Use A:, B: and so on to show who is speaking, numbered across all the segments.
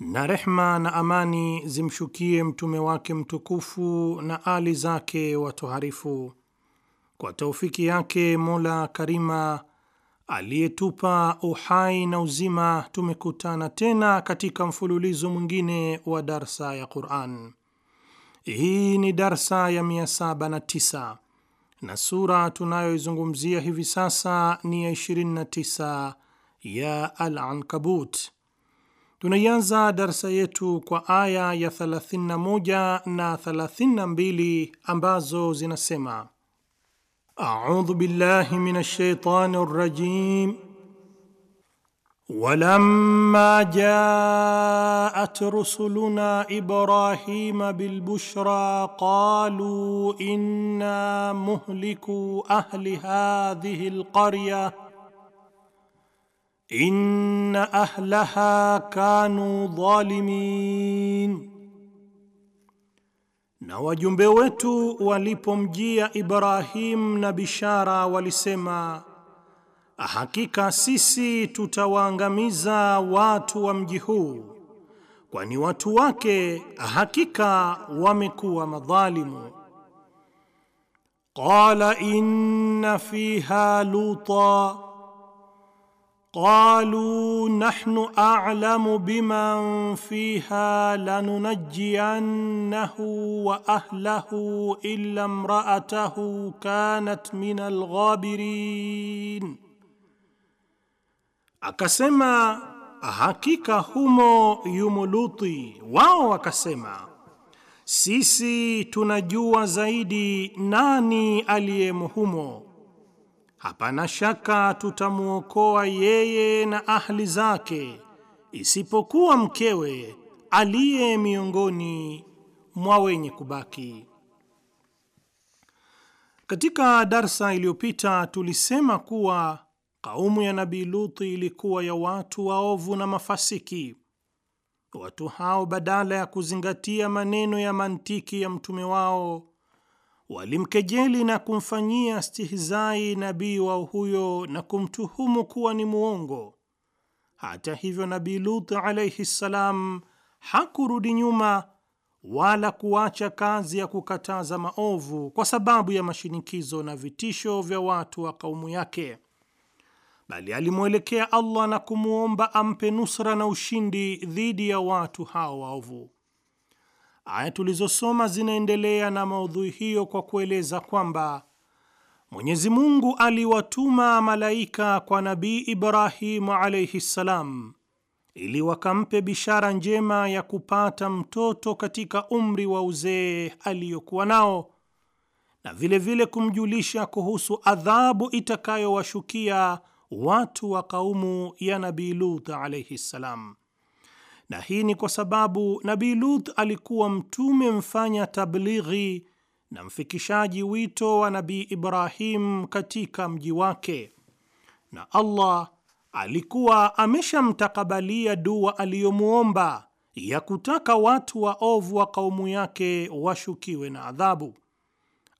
A: na rehma na amani zimshukie mtume wake mtukufu na ali zake watoharifu. Kwa taufiki yake Mola Karima aliyetupa uhai na uzima, tumekutana tena katika mfululizo mwingine wa darsa ya Quran. Hii ni darsa ya 709 na sura tunayoizungumzia hivi sasa ni ya 29 ya Al-Ankabut. Tunaianza darsa yetu kwa aya ya 31 na 32 ambazo zinasema: audhu billahi minash shaitani rrajim walamma jaat rusuluna ibrahima bilbushra qalu inna muhliku ahli hadhihi alqarya inna ahlaha kanu dhalimin, na wajumbe wetu walipomjia Ibrahim na bishara walisema, hakika sisi tutawaangamiza watu wa mji huu, kwani watu wake hakika wamekuwa madhalimu. Qala inna fiha luta قالوا نحن اعلم بمن فيها لننجينه واهله الا امراته كانت من الغابرين akasema hakika humo yumo luti wao wakasema sisi tunajua zaidi nani aliyemo humo hapana shaka tutamwokoa yeye na ahli zake isipokuwa mkewe aliye miongoni mwa wenye kubaki. Katika darsa iliyopita tulisema kuwa kaumu ya Nabii luti ilikuwa ya watu waovu na mafasiki. Watu hao badala ya kuzingatia maneno ya mantiki ya mtume wao walimkejeli na kumfanyia stihizai nabii wao huyo na kumtuhumu kuwa ni mwongo. Hata hivyo, Nabii Lut alaihi ssalam hakurudi nyuma wala kuacha kazi ya kukataza maovu kwa sababu ya mashinikizo na vitisho vya watu wa kaumu yake, bali alimwelekea Allah na kumwomba ampe nusra na ushindi dhidi ya watu hao waovu. Aya tulizosoma zinaendelea na maudhui hiyo kwa kueleza kwamba Mwenyezi Mungu aliwatuma malaika kwa Nabii Ibrahimu alaihi ssalam ili wakampe bishara njema ya kupata mtoto katika umri wa uzee aliyokuwa nao na vilevile vile kumjulisha kuhusu adhabu itakayowashukia watu wa kaumu ya Nabii Lut alaihi ssalam na hii ni kwa sababu Nabii Lut alikuwa mtume mfanya tablighi na mfikishaji wito wa Nabii Ibrahim katika mji wake, na Allah alikuwa ameshamtakabalia dua aliyomwomba ya kutaka watu waovu wa kaumu yake washukiwe na adhabu.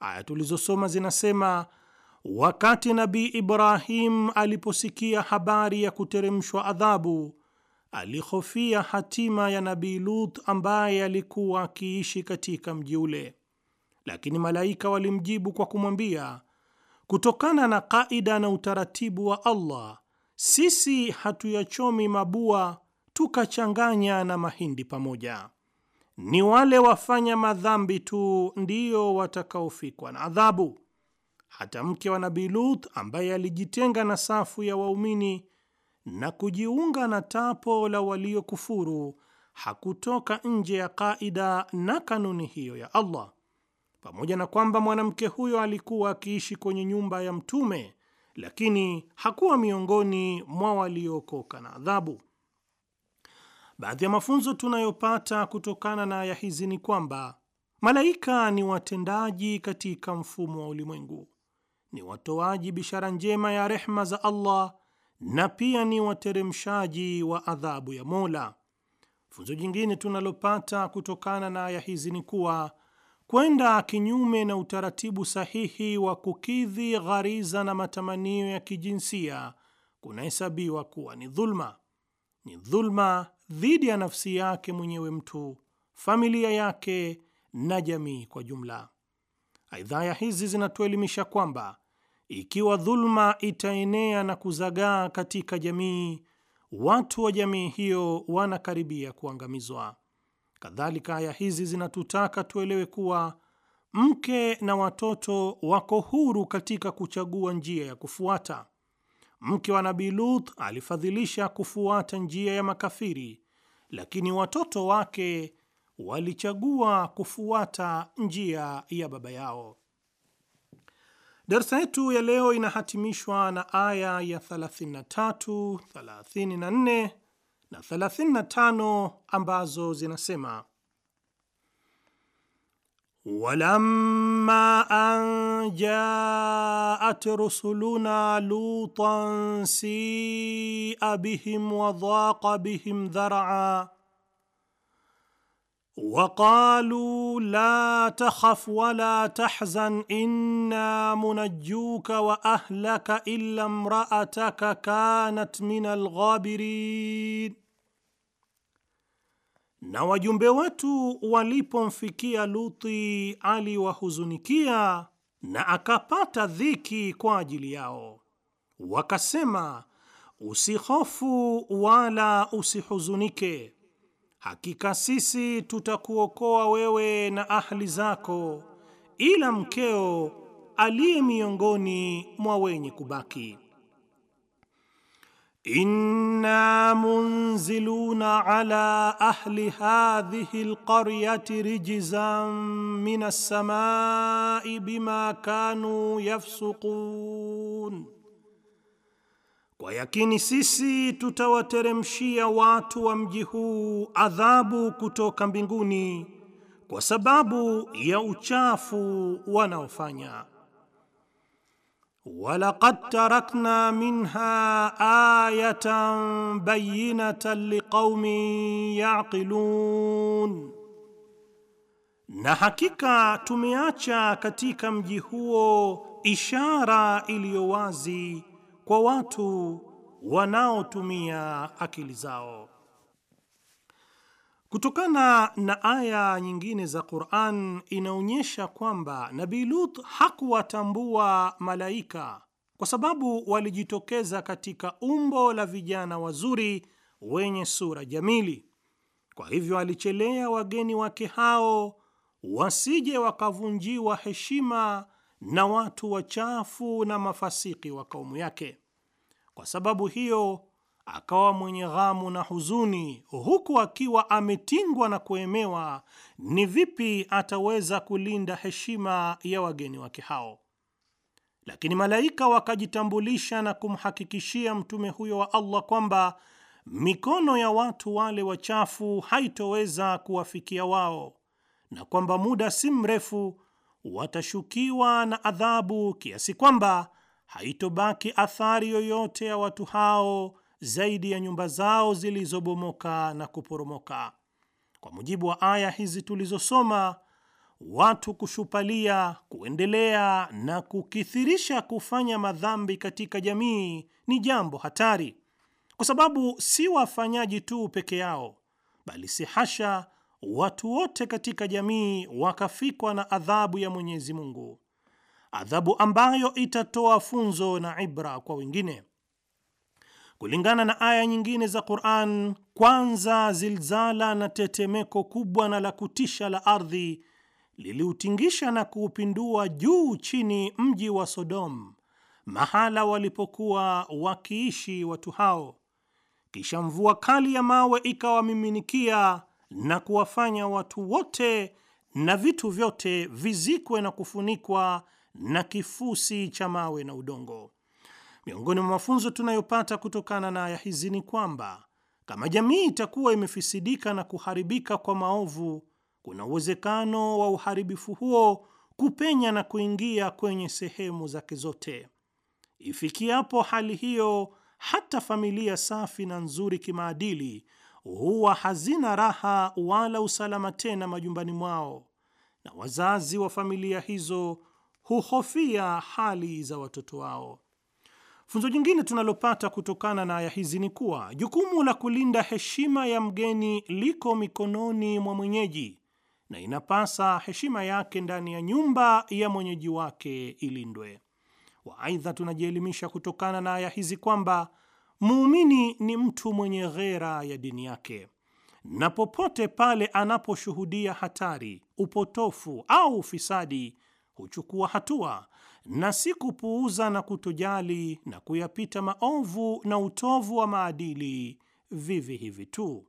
A: Aya tulizosoma zinasema wakati Nabii Ibrahim aliposikia habari ya kuteremshwa adhabu alihofia hatima ya Nabii Lut ambaye alikuwa akiishi katika mji ule, lakini malaika walimjibu kwa kumwambia, kutokana na kaida na utaratibu wa Allah sisi hatuyachomi mabua tukachanganya na mahindi pamoja. Ni wale wafanya madhambi tu ndio watakaofikwa na adhabu. Hata mke wa Nabii Lut ambaye alijitenga na safu ya waumini na kujiunga na tapo la waliokufuru hakutoka nje ya kaida na kanuni hiyo ya Allah. Pamoja na kwamba mwanamke huyo alikuwa akiishi kwenye nyumba ya Mtume, lakini hakuwa miongoni mwa waliokoka na adhabu. Baadhi ya mafunzo tunayopata kutokana na aya hizi ni kwamba malaika ni watendaji katika mfumo wa ulimwengu, ni watoaji bishara njema ya rehma za Allah na pia ni wateremshaji wa adhabu ya Mola. Funzo jingine tunalopata kutokana na aya hizi ni kuwa kwenda kinyume na utaratibu sahihi wa kukidhi ghariza na matamanio ya kijinsia kunahesabiwa kuwa ni dhulma. Ni dhulma dhidi ya nafsi yake mwenyewe mtu, familia yake na jamii kwa jumla. Aidha, aya hizi zinatuelimisha kwamba ikiwa dhuluma itaenea na kuzagaa katika jamii, watu wa jamii hiyo wanakaribia kuangamizwa. Kadhalika, aya hizi zinatutaka tuelewe kuwa mke na watoto wako huru katika kuchagua njia ya kufuata. Mke wa Nabii Lut alifadhilisha kufuata njia ya makafiri, lakini watoto wake walichagua kufuata njia ya baba yao. Darsa yetu ya leo inahatimishwa na aya ya 33, 34 na 35 ambazo zinasema: walamma an jaat rusuluna lutan sia bihim wadhaqa bihim dharaa waqalu la takhaf wala tahzan inna munajjuka wa ahlaka illa imraataka kanat min alghabirin, na wajumbe wetu walipomfikia Luti aliwahuzunikia na akapata dhiki kwa ajili yao. Wakasema, usihofu wala usihuzunike Hakika sisi tutakuokoa wewe na ahli zako, ila mkeo aliye miongoni mwa wenye kubaki. Inna munziluna ala ahli hadhihi alqaryati rijzan min as-samai bima kanu yafsukun kwa yakini sisi tutawateremshia watu wa mji huu adhabu kutoka mbinguni kwa sababu ya uchafu wanaofanya. Walaqad tarakna minha ayatan bayyinatan liqaumin yaqilun, na hakika tumeacha katika mji huo ishara iliyo wazi kwa watu wanaotumia akili zao. Kutokana na aya nyingine za Qur'an inaonyesha kwamba Nabii Lut hakuwatambua malaika kwa sababu walijitokeza katika umbo la vijana wazuri wenye sura jamili. Kwa hivyo alichelea wageni wake hao wasije wakavunjiwa heshima na watu wachafu na mafasiki wa kaumu yake. Kwa sababu hiyo akawa mwenye ghamu na huzuni, huku akiwa ametingwa na kuemewa. Ni vipi ataweza kulinda heshima ya wageni wake hao? Lakini malaika wakajitambulisha na kumhakikishia mtume huyo wa Allah kwamba mikono ya watu wale wachafu haitoweza kuwafikia wao na kwamba muda si mrefu watashukiwa na adhabu kiasi kwamba haitobaki athari yoyote ya watu hao zaidi ya nyumba zao zilizobomoka na kuporomoka. Kwa mujibu wa aya hizi tulizosoma, watu kushupalia, kuendelea na kukithirisha kufanya madhambi katika jamii ni jambo hatari, kwa sababu si wafanyaji tu peke yao, bali si hasha watu wote katika jamii wakafikwa na adhabu ya Mwenyezi Mungu, adhabu ambayo itatoa funzo na ibra kwa wengine. Kulingana na aya nyingine za Qur'an, kwanza zilzala na tetemeko kubwa na la kutisha la ardhi liliutingisha na kuupindua juu chini mji wa Sodom, mahala walipokuwa wakiishi watu hao. Kisha mvua kali ya mawe ikawamiminikia na kuwafanya watu wote na vitu vyote vizikwe na kufunikwa na kifusi cha mawe na udongo. Miongoni mwa mafunzo tunayopata kutokana na aya hizi ni kwamba kama jamii itakuwa imefisidika na kuharibika kwa maovu, kuna uwezekano wa uharibifu huo kupenya na kuingia kwenye sehemu zake zote. Ifikiapo hali hiyo, hata familia safi na nzuri kimaadili huwa hazina raha wala usalama tena majumbani mwao, na wazazi wa familia hizo huhofia hali za watoto wao. Funzo jingine tunalopata kutokana na aya hizi ni kuwa jukumu la kulinda heshima ya mgeni liko mikononi mwa mwenyeji na inapasa heshima yake ndani ya nyumba ya mwenyeji wake ilindwe. Waaidha, tunajielimisha kutokana na aya hizi kwamba Muumini ni mtu mwenye ghera ya dini yake, na popote pale anaposhuhudia hatari, upotofu au ufisadi huchukua hatua na si kupuuza na kutojali na kuyapita maovu na utovu wa maadili vivi hivi tu.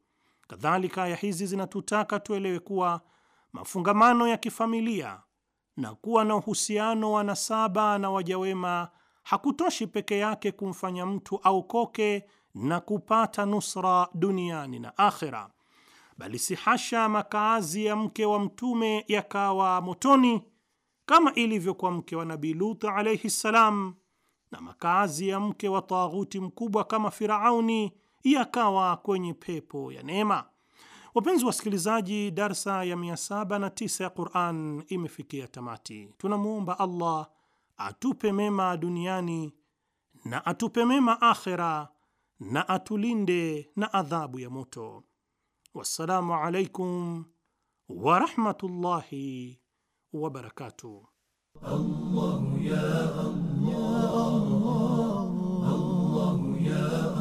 A: Kadhalika, aya hizi zinatutaka tuelewe kuwa mafungamano ya kifamilia na kuwa na uhusiano wa nasaba na wajawema hakutoshi peke yake kumfanya mtu aokoke na kupata nusra duniani na akhera, bali si hasha, makaazi ya mke wa Mtume yakawa motoni kama kwa mke wa Nabii Lut alaihi ssalam, na makaazi ya mke wa taghuti mkubwa kama Firauni yakawa kwenye pepo ya neema. Wapenzi wasikilizaji, darsa ya 709 ya Quran imefikia tamati. Tunamwomba Allah atupe mema duniani na atupe mema akhera na atulinde na adhabu ya moto. Wassalamu alaikum warahmatullahi wabarakatuh wa barakatuh. Allah Allah, Allah ya Allah.